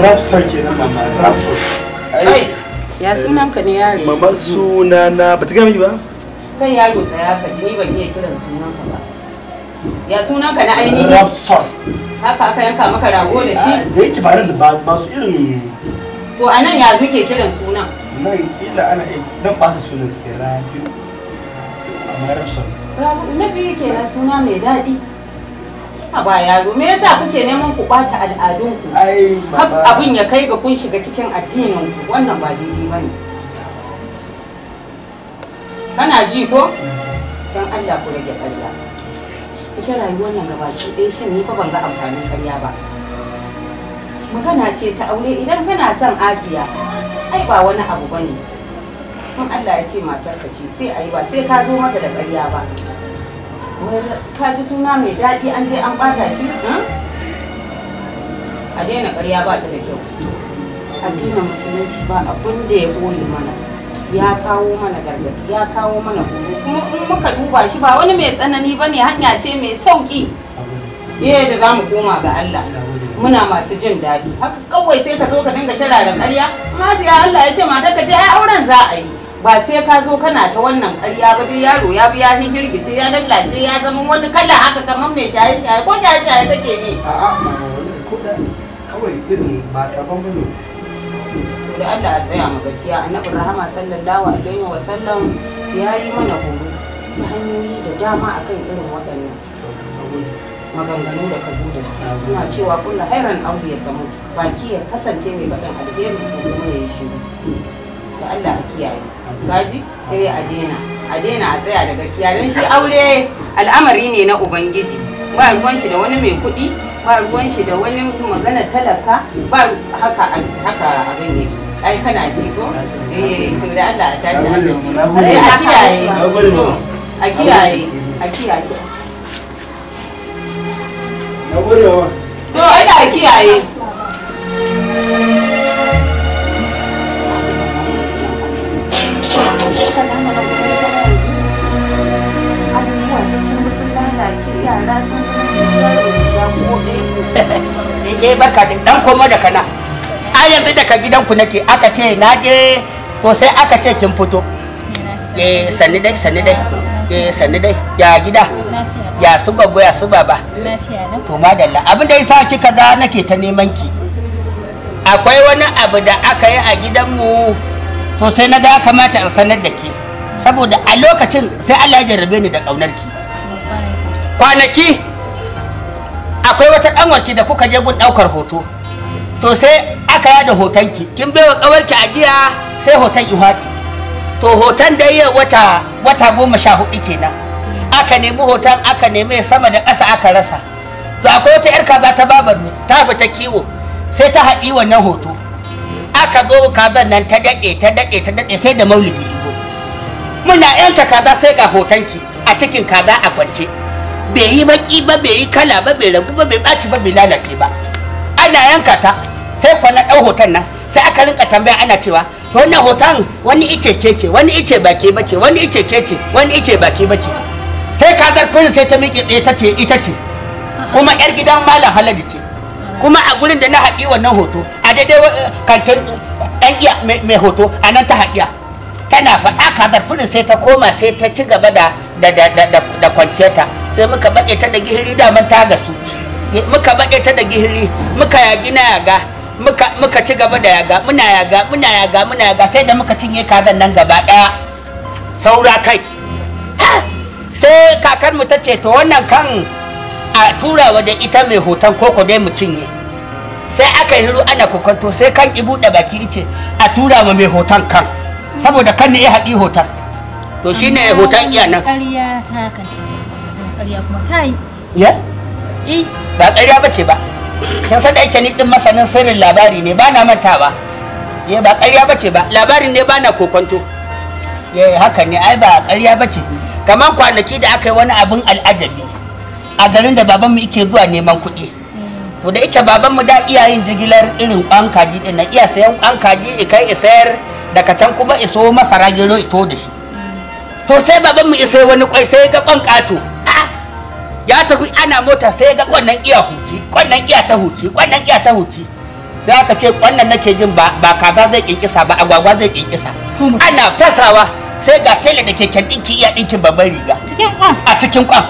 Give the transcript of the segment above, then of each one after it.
Rapson kenan mama Rapson. Kai ya sunan ka ne yaro. Mama sunana ba ta gami ba? Kai yaro tsaya ka ji ni ban iya kiran sunan ka ba. Ya sunan ka na ainihi? Rapson. Haka aka yanka maka rago da shi? Ah, da yake ba da ba su irin To a nan ya muke kiran sunan? Nan kila ana iya dan ba su sunan su Rabiu. Amma Rapson. Rabiu na biyu kenan suna mai daɗi. ba yaro me yasa kuke neman ku bata al'adun ku abin ya kai ga kun shiga cikin addinin ku wannan ba daidai bane kana ji ko dan Allah ku rage karya. ita rayuwar nan gabaki ɗaya shin ni fa ban ga amfanin karya ba magana ce ta aure idan kana son asiya ai ba wani abu bane in Allah ya ce matarka ce sai a yi ba sai ka zo mata da karya ba ka ji suna mai daɗi an je an ɓata shi a daina ƙarya ba ta da kyau addinin musulunci ba abin da ya ɓoye mana ya kawo mana gargaɗi ya kawo mana horo kuma in muka duba shi ba wani mai tsanani ba ne hanya ce mai sauƙi Yaya da za mu koma ga Allah muna masu jin daɗi haka kawai sai ka zo ka dinga shara da ƙarya amma sai Allah ya ce mata ka je ai auren za a yi ba sai ka zo kana ta wannan ƙarya ba dai yaro ya bi ya hirgice ya lallace ya zama wani kala haka kamar mai shaye shaye ko shaye shaye kake ne a'a ko kawai irin ba sabon bane da Allah a tsaya mu gaskiya annabi rahama sallallahu alaihi wa sallam ya yi mana horo ta hanyoyi da dama akan irin waɗannan maganganu da ka zo da ina cewa kullu hairan abu ya samu baki ya kasance mai baɗin alheri ko kuma ya yi shiru Allah ka kiyaye gaji sai eh, a daina a daina a tsaya da gaskiya don shi aure al'amari ne na ubangiji ba ruwan shi da wani mai kuɗi ba ruwan shi da wani magana talaka ba haka haka abin ne ai kana ji ko eh to da Allah a tashi a tafi eh, a kiyaye a kiyaye a kiyaye to da kiyaye ce yara sun zama da barka da dan komo da kana. A yanzu daga gidanku nake aka ce na je to sai aka ce kin fito. Eh sanni dai sanni dai. Eh sanni dai ya gida. Ya su ya su baba. To madalla abin da yasa kika ga nake ta neman ki. Akwai wani abu da aka yi a gidanmu to sai na ga kamata in sanar da ke. saboda a lokacin sai Allah ya jarrabe ni da kaunar ki kwanaki akwai wata ɗanwarki da kuka je gun ɗaukar hoto to sai aka yada hotonki kin bai wa ƙawarki ajiya sai hoton ihwaɗi to hoton da yi wata wata goma sha hudu kenan aka nemi hoton aka nemi sama da ƙasa aka rasa to akwai wata yar kaza ta babarmu ta fita kiwo sai ta haɗi wannan hoto aka zo kazan nan ta daɗe ta daɗe ta daɗe sai da maulidi ido muna yanka kaza sai ga hotonki a cikin kaza a kwance bai yi baki ba bai yi kala ba bai ragu ba bai baci ba bai lalace ba ana yanka ta sai kwana ɗau hoton nan sai aka rinka tambaya ana cewa to wannan hoton wani ice kece wani ice baki bace wani ice kece wani ice baki bace sai ga kun sai ta miƙe tsaye ce ita ce kuma yar gidan malam halali ce kuma a gurin da na haɗi wannan hoto a daidai eh, kantin ɗan iya mai hoto a nan ta haɗiya tana faɗa kagar kunin sai ta koma sai ta ci gaba da da da da kwanciyarta sai muka baɗe ta da gihiri daman ta gasu muka baɗe ta da gihiri muka yagi na yaga muka ci gaba da yaga muna yaga muna yaga muna yaga sai da muka cinye kazan nan gaba ɗaya saura kai sai kakar mu ta ce to wannan kan a turawa da ita mai hoton koko dai mu cinye sai aka yi hiru ana kokonto sai kan ibu da baki ice a tura ma mai hoton kan saboda kan ne ya haɗi hoton to shine hoton iya nan ƙarya kuma ta yi ya eh ba ƙarya bace ba kin san da ake ni ɗin masanin sirrin labari ne ba na ba ye eh, ba ƙarya bace ba labarin ne ba na kokonto ye eh, haka ne ai ba ƙarya ce kamar kwanaki da aka yi wani abin al'ajabi a garin da babanmu yake zuwa neman kuɗi to da ike babanmu da iya yin jigilar irin ƙwan kaji ɗin nan iya sayan ƙwan kaji kai isayar daga can kuma iso masara gero ito da shi to sai babanmu isai wani kwai sai ga ƙwan ƙato ya tafi ana mota sai ya ga kwannan iya huci kwannan iya ta huci kwannan iya ta huci sai aka ce kwannan nake jin ba ba kaza zai kinkisa ba agwagwa zai kinkisa ana fasawa sai ga tela da keken dinki iya dinkin babban riga cikin kwan a cikin kwan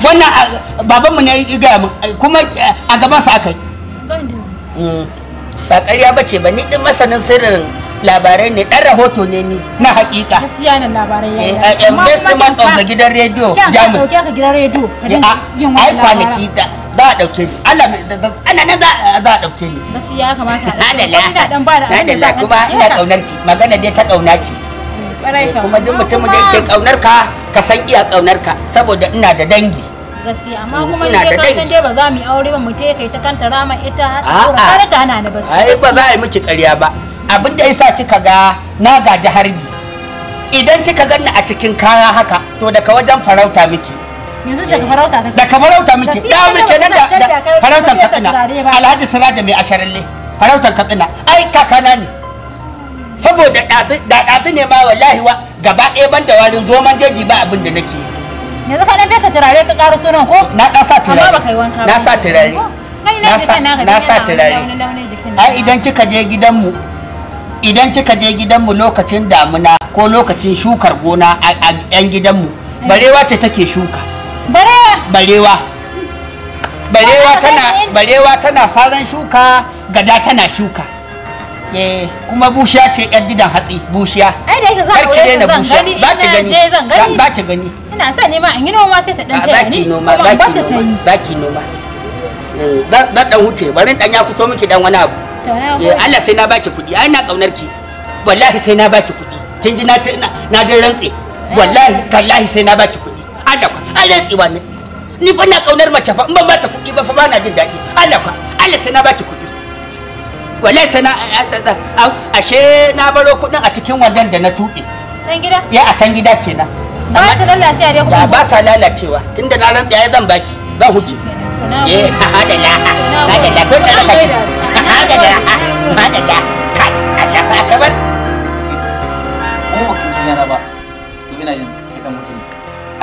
wannan babanmu ne ya gaya min kuma eh, a gaban sa akai mm. ba ƙarya ba ce ba ni din masanin sirrin labarai ne dan rahoto ne ni na hakika gaskiya nan labarai ya am best man of the gidan radio jamus ka ka gidan radio ka dinga yin wannan ai kwanaki da za a dauke ni Allah ana nan za a dauke ni gaskiya kamata da, dan ba da Allah kuma ina kaunar ki magana dai ta kauna ce eh, eh, kuma duk mutum da yake kaunar ka ka san iya kaunar ka saboda ina da dangi gaskiya amma eh, kuma ni dai ka san dai ba za mu yi aure ba mu je kai ta kanta rama ita har ta hana ni bacci ai ba za a yi miki ƙarya ba abin da yasa kika ga na gaji harbi idan kika ganni a cikin kaya haka to daga wajen farauta miki daga farauta miki da muke nan da farautan katsina alhaji siraja mai asharalle farautan katsina ai kakana ne saboda da ne ma wallahi wa gaba ɗaya ban da warin zoman jeji ba abin da nake yanzu fa na fesa turare ka ƙaro sunan ko na ɗan sa turare amma ba kai wanka na sa turare na sa turare ai idan kika je gidanmu idan kika je gidanmu lokacin damuna ko lokacin shukar gona a 'yan gidanmu barewa ce take shuka barewa barewa tana barewa tana saran shuka gada tana shuka eh, kuma bushiya ce yan gidan hatsi bushiya karki daina bushiya ba ki gani ba ki gani ina sa nema in yi noma sai ta dan ta gani noma ba ki noma ba eh, ki noma dan dan huce bari dan ya fito miki dan wani abu Eh, Allah sai na baki kuɗi ai na kaunar ki wallahi sai na baki kuɗi kin ji na na dai rantsi eh. wallahi kallahi sai na baki kuɗi Allah kwa ai rantse wannan ni fa na kaunar mace fa in ban mata kuɗi ba fa ba na jin daɗi Allah kwa Allah sai na baki kuɗi wallahi sai na ashe na baro kuɗin a cikin wannan da na tuɓe can gida ya a can gida kenan ba sa lalacewa dai kuma ba sa lalacewa tunda na rantsi ai zan baki ba hujji eh ha da la ha da la ko da ka da madalla da kai Allah ba ka bar mu ba san sunana ba to ina jin kai dan mutum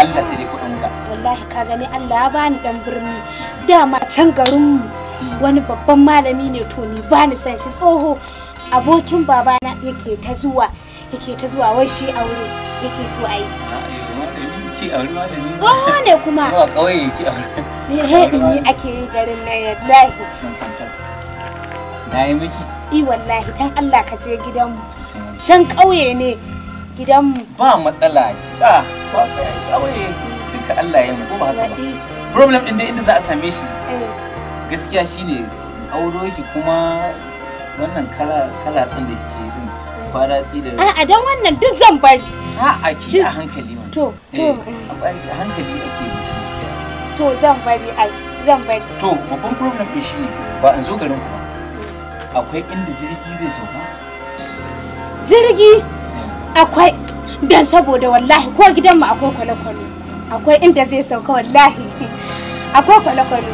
Allah sai dai kudin ka wallahi ka gani Allah ya bani dan birni dama can garin mu wani babban malami ne to ni bani san shi tsoho abokin babana yake ta zuwa yake ta zuwa wai shi aure yake so a yi ki aure malami tsoho ne kuma ba kauye ki aure ne hedin ake yi garin nan yadda. shin Na yi miki? I wallahi dan Allah ka je gidanmu. Can ƙauye ne gidanmu. Ba matsala ki ba. To ƙauye duka Allah ya mu ba haka ba. Problem din dai inda za a same shi. Eh. Gaskiya shine auro ki kuma wannan kala kala san da kike din fara eh. da. A'a dan wannan duk zan bari. A'a ki a hankali wannan. To to. Eh, a hankali ake bi. To zan bari ai zan bari. To babban problem din shine ba in zo garin ku ba. akwai inda jirgi zai sauka jirgi akwai dan saboda wallahi ko gidan mu akwai kwale-kwale akwai inda zai sauka wallahi akwai kwale-kwale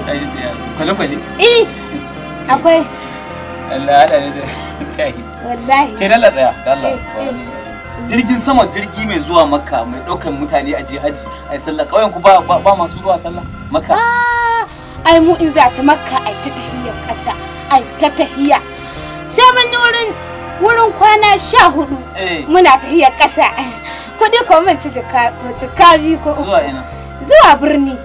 kwale-kwale eh akwai Allah hada da kai wallahi ke dalla daya Allah. Eh, eh. jirgin sama jirgi mai zuwa makka mai daukan mutane a je a ai sallah kauyen ku ba ba masu zuwa sallah makka ah, ai mu in za su makka ai ta tahiyyar kasa an ta tahiya sai mun yi wurin wurin kwana sha hudu eh. muna tahiya ƙasa kuɗi ko mun ci jika biyu ko zuwa ina zuwa birni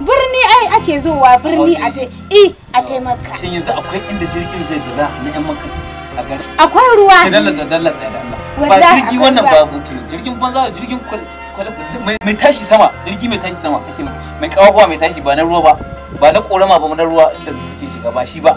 birni ai ake zuwa birni a ta i a taimaka oh. shin yanzu akwai inda shirkin zai dala na yan maka a gari akwai ruwa ne dalla da dalla tsaya da Allah ba jirgi wannan ba bukin jirgin banza jirgin mai tashi sama jirgi mai tashi sama kake mai kawo mai tashi ba na ruwa ba ba na korama ba na ruwa inda ke shiga ba shi ba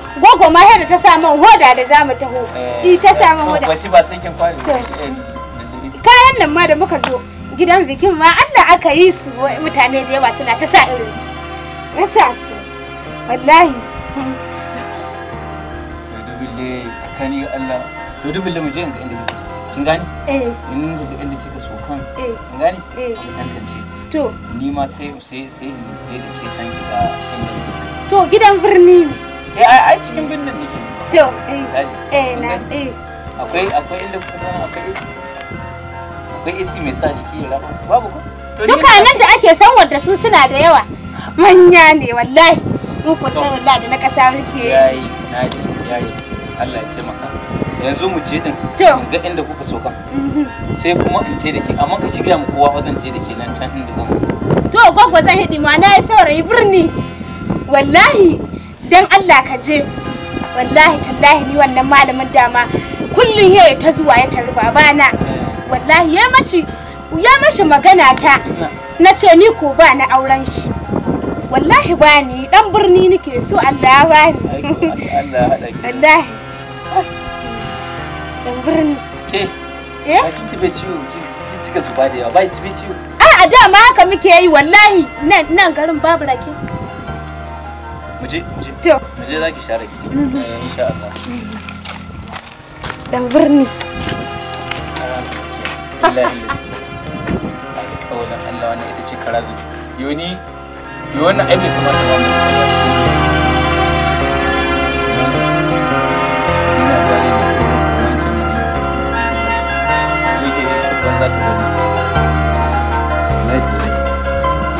gogo ma yadda ta sa man hoda da za mu taho eh, i ta sa man hoda shi ba sai kin kwari eh, kayan nan ma da muka zo gidan bikin ma Allah aka yi su mutane da yawa suna ta sa irin su rasa su wallahi dubille kani Allah to dubille mu je ga inda kike kin gani eh in ga inda kike so eh. kan eh kin gani eh tantance to ni ma sai sai sai je da ke can ki ga inda to gidan birni ne eh ai cikin birnin nake to eh eh na eh akwai akwai inda kuka zauna akwai AC akwai AC mai sa jiki ya rafa. babu ko duka nan da ake san wanda su suna da yawa manya ne wallahi mu ko sai wallahi da na kasa muke yayi naji yayi Allah ya taimaka yanzu mu je din ga inda kuka so kan mhm. sai kuma in te da ke amma ka kiga mu kowa zan je da ke nan can inda zan to gogo zan hidi ma na saurayi birni wallahi Idan Allah ka je wallahi tallahi ni wannan malamin dama kullun ya ta zuwa ya tarbi babana wallahi ya mashi ya mashi magana ta na ce ni ko ba na auren shi wallahi ba ni dan birni nake so Allah ya bani wallahi dan birni ke eh kin bai ciwo kin cika zuba da yawa bai ciwo a a dama haka muke yi wallahi nan nan garin babu rake to mu je zaki share ki mhm. eh, insha Allah Allah ita ce karazu yoni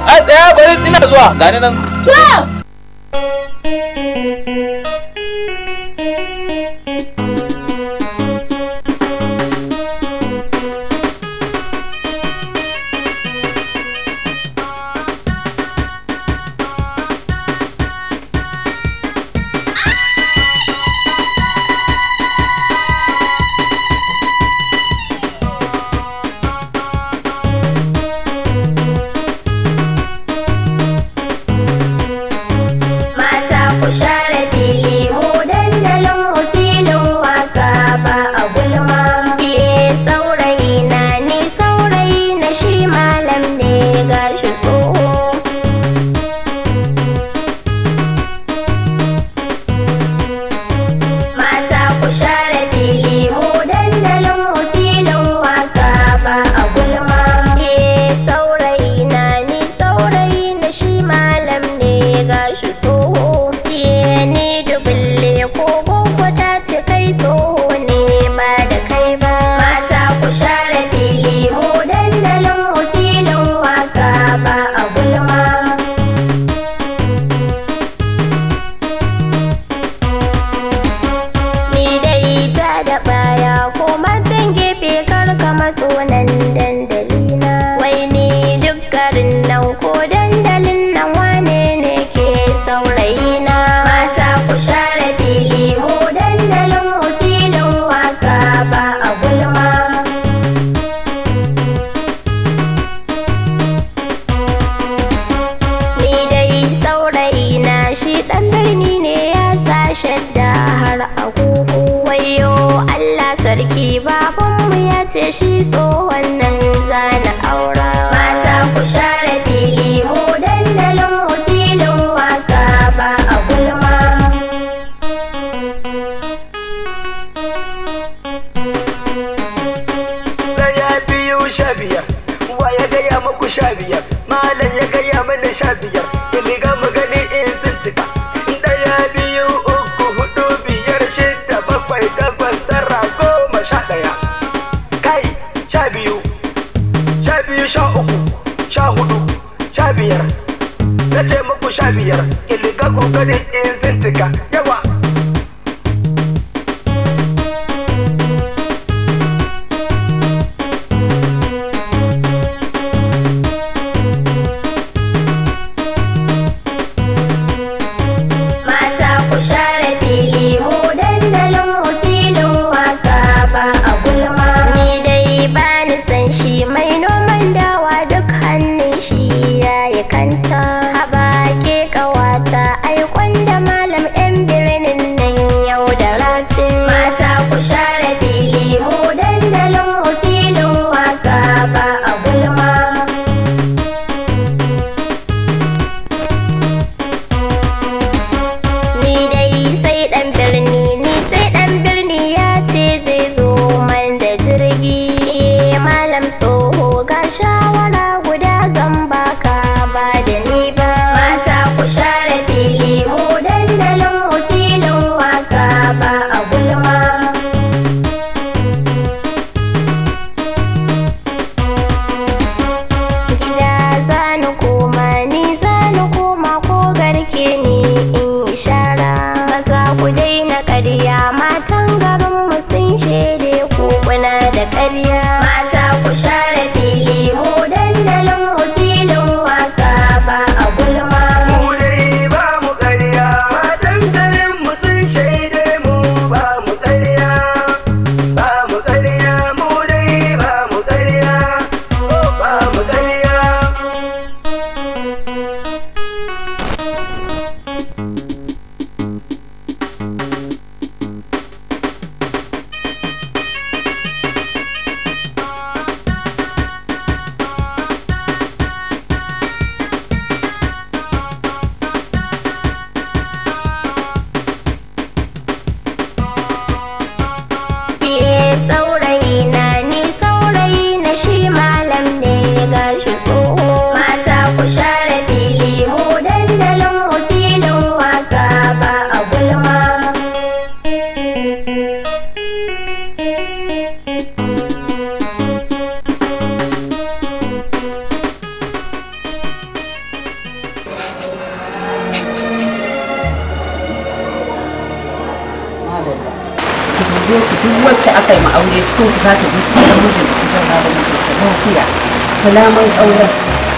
a tsaya bari ina zuwa gani nan ce shi tsohon nan zana El que le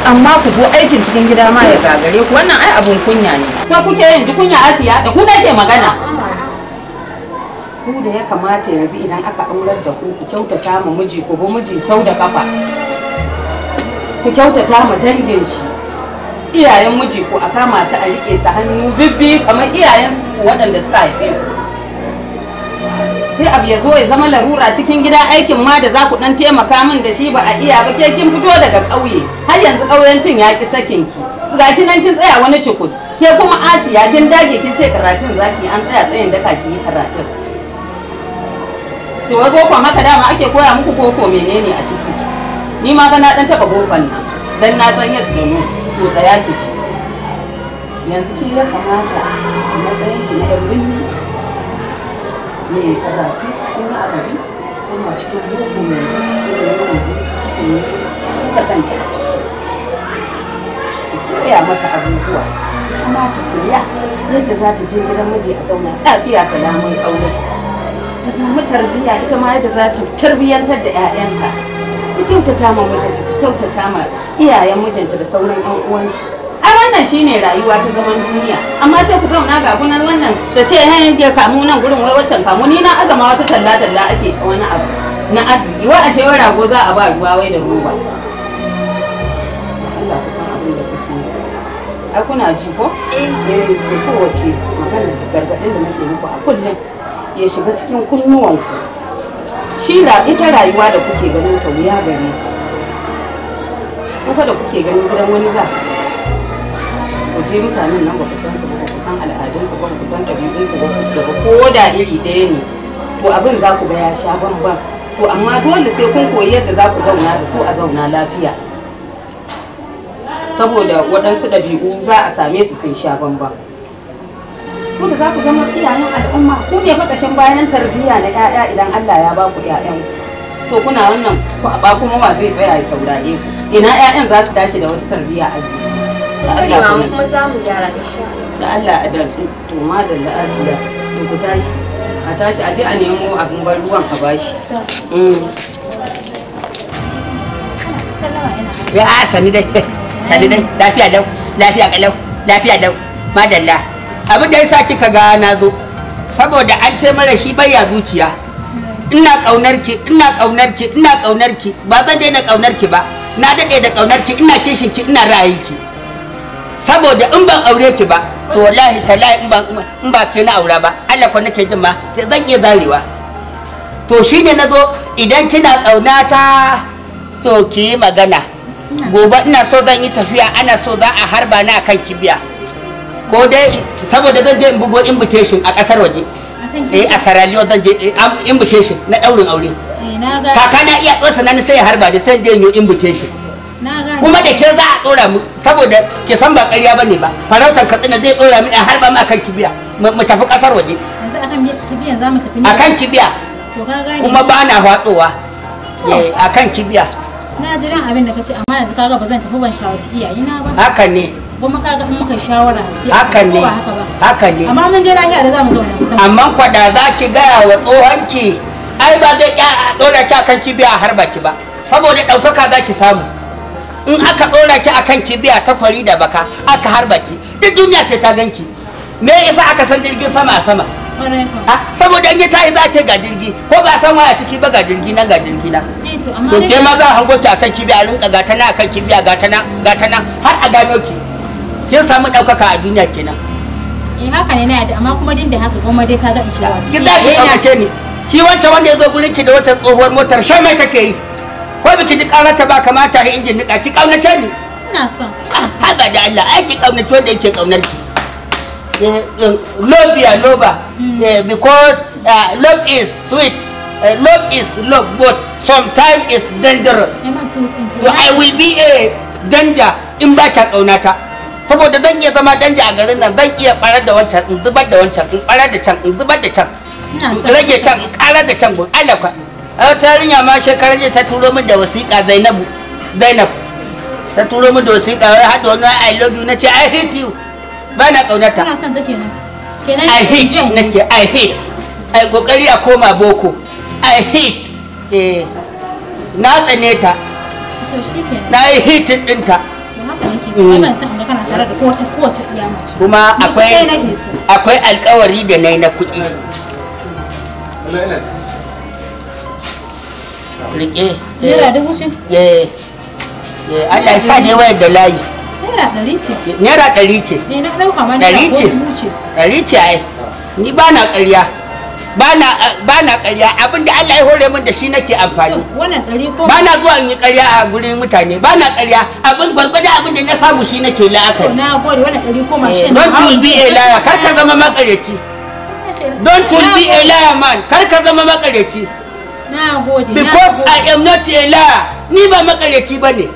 amma ku ko aikin cikin gida ma ya gagare ku wannan ai abun kunya ne to kuke yin ji kunya asiya da ku nake magana ku da ya kamata yanzu idan aka aurar da ku ku kyautata ma miji ku bi miji sau da kafa ku kyautata ma dangin shi iyayen miji ku a masu su a rike su hannu bibbi kamar iyayen waɗanda suka haife ku sai abu ya zo ya zama larura cikin gida aikin ma da za ku dan taimaka min da shi ba a iya ba ke kin fito daga ƙauye har yanzu ƙauyencin ya ki sakin ki ga ki nan kin tsaya wani cikus ke kuma asiya kin dage kin ce karatun zaki an tsaya tsayin daka ki yi karatun to wai bokon haka dama ake koya muku koko menene a ciki ni ma fa na dan taba boko nan dan na san yes da no to tsaya ki ci yanzu ki ya kamata a matsayin ki na yan binni mai karatu kuma a gari kuma cikin mugu mai yanzu ne kusa kanki a ciki koya mata abubuwa kuma ta koya yadda za ta je gidan miji a zauna lafiya salamun aure ta samu tarbiyya ita ma yadda za ta tarbiyyantar da 'ya'yanta ta kyautata ma mijinta ta kyautata ma iyayen mijinta da sauran 'yan uwan shi a wannan shine rayuwa ta zaman duniya amma sai ku zauna ga kunan wannan ta ce hanyar ke kamu nan gurin wai waccan kamu ni na azama wata talla talla ake ta wani abu na arziki wa a ce wai rago za a ba ruwa wai da roba Allah ku san abin da kuke kuna ji ko eh, eh magana da gargadin da nake muku a kullum ya shiga cikin shi ita rayuwa da kuke ganin ta wuya gare ku da kuke ganin gidan wani za ku je mutanen nan ba ku san su ba ku san al'adun su ba ku san ɗabi'un ku ba su ba ko da iri ɗaya ne to abin za ku ga ya sha bambam to amma dole sai kun koyi yadda za ku zauna da su a zauna lafiya saboda waɗansu ɗabi'u za a same su sun sha bambam ku da za ku zama iyayen al'umma ku ne makashin bayan tarbiyya na 'ya'ya idan Allah ya ba ku 'ya'yan to kuna wannan ku ba kuma wa zai tsaya ya saurare ku ina 'ya'yan za su tashi da wata tarbiyya arziki Bari ma kuma za mu gyara insha Da Allah a dantsu to madalla asiya to ku tashi a tashi a je a nemo abin ban ruwan a bashi. Mm. Ya sani dai sani dai lafiya lau lafiya kalau lafiya lau madalla abin da ya yasa kika ga na zo saboda an ce mara shi baya zuciya ina kaunar ki ina kaunar ki ina ƙaunar ki ba zan daina ƙaunar ki ba na daɗe da ƙaunar ki ina kishin ki ina ra'ayin ki saboda in ban aure ki ba to wallahi talahi in ban in ba ke na aura ba Allah ko nake jin ma zan iya zarewa to shine nazo idan kina kauna ta to ki magana gobe ina so zan yi tafiya ana so za a harba na akan kibiya ko dai saboda zan je in bugo invitation a kasar waje eh a Sierra Leone zan je eh, invitation na daurin aure eh, kaka na iya dosa na sai ya harba da sai je in invitation kuma da ke za a dora mu saboda ki san ba ƙarya bane ba farautan katsina zai dora mu har ba mu akan kibiya mu tafi kasar waje yanzu akan kibiya za mu tafi ne akan kibiya kuma ba na hwatsowa eh, akan kibiya na ji ran abin da kace amma yanzu kaga ba zan tafi ban shawarci iyayena ba haka ne kuma kaga in muka shawara sai haka ne haka ne amma mun je lafiya da za mu zauna amma kwada za ki gaya wa tsohonki ai ba zai ya dora ki akan kibiya har baki ba saboda ɗaukaka za ki samu in aka dora ki akan kibiya ta kwari da baka aka harba ki duk duniya sai ta ganki me yasa aka san jirgin sama sama saboda an yi ta za ce ga jirgi ko ba san waya ciki ba ga jirgi nan ga jirgi nan eh, to ke ma za a hango ki akan kibiya rinka gata na akan kibiya gata na gata na har a gano ki kin samu ɗaukaka a duniya kenan eh haka ne na yadda amma kuma din da haka goma dai ka ga in eh, shi wa ciki ki za ki ni ki wancan wanda ya zo gurin ki da wata tsohuwar motar shan mai kake yi ko biki ji karata ba kamata ha injin nika ki kaunace ni ina son ah, haba da Allah ai ki kaunace wanda yake kaunar ki eh, eh, love ya loba hmm. eh, because uh, love is sweet uh, love is love but sometimes is dangerous to I will be a danger in ba ka kaunata saboda zan iya zama danja a garin nan zan iya barar da wancan in zubar da wancan in barar da can in zubar da can rage can in karar da can gun alaka a tarinya ma shekarar jiya ta turo min da wasiƙa zainabu zainab ta turo min da wasiƙa wai har wani i love you na ce i hate you ba na ƙaunata kana son ta kenan kenan i hate na ce i hate ai kokari a koma boko i hate eh na tsane ta to shikenan na yi hitin ta, kuma akwai alkawari da nai na kuɗi rike naira eh. dubu ce ye eh. ye eh, Allah ya sa ne wayar da layi naira ɗari ce naira ɗari ce ne na ɗauka ma naira ɗari ce ɗari ce ai ni ba na ƙarya ba na ƙarya abinda Allah ya hore min da shi nake amfani ba na zuwa in yi ƙarya a gurin mutane ba na ƙarya abin gwargwada abinda na samu shi nake la'akari na gode wannan ɗari ko shi don tun bi a laya kar ka zama makareci don tun bi a laya man kar ka zama makareci Because I am not a liar. Ni ba makareci ba ne.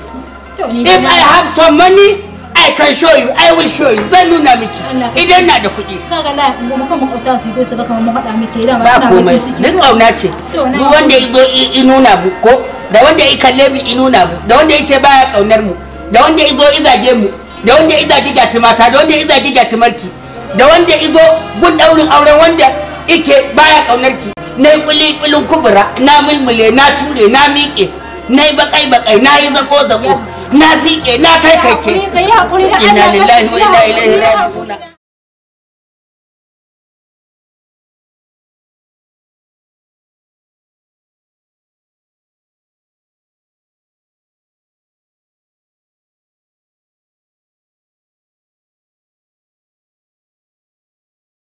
If I have some money, I can show you. I will show you. Zan nuna miki. Idan na da kuɗi. Kaga na kuma kan makwabta su yi to su ga kamar mun haɗa miki idan ba suna miki ciki. Duk kauna ce. Duk wanda ya zo i nuna mu ko da wanda ya kalle mu i nuna mu da wanda ya ce baya kaunar mu da wanda ya zo izage mu da wanda ya izage gati mata da wanda ya izage gati marki da wanda ya zo gun ɗaurin auren wanda ike baya kaunar ki. na yi kulikulin kubura na mulmule na ture na miƙe na yi bakai-bakai na yi zako-zako na fiƙe na kaikake ina lillahi wa ina ilaihi raji'una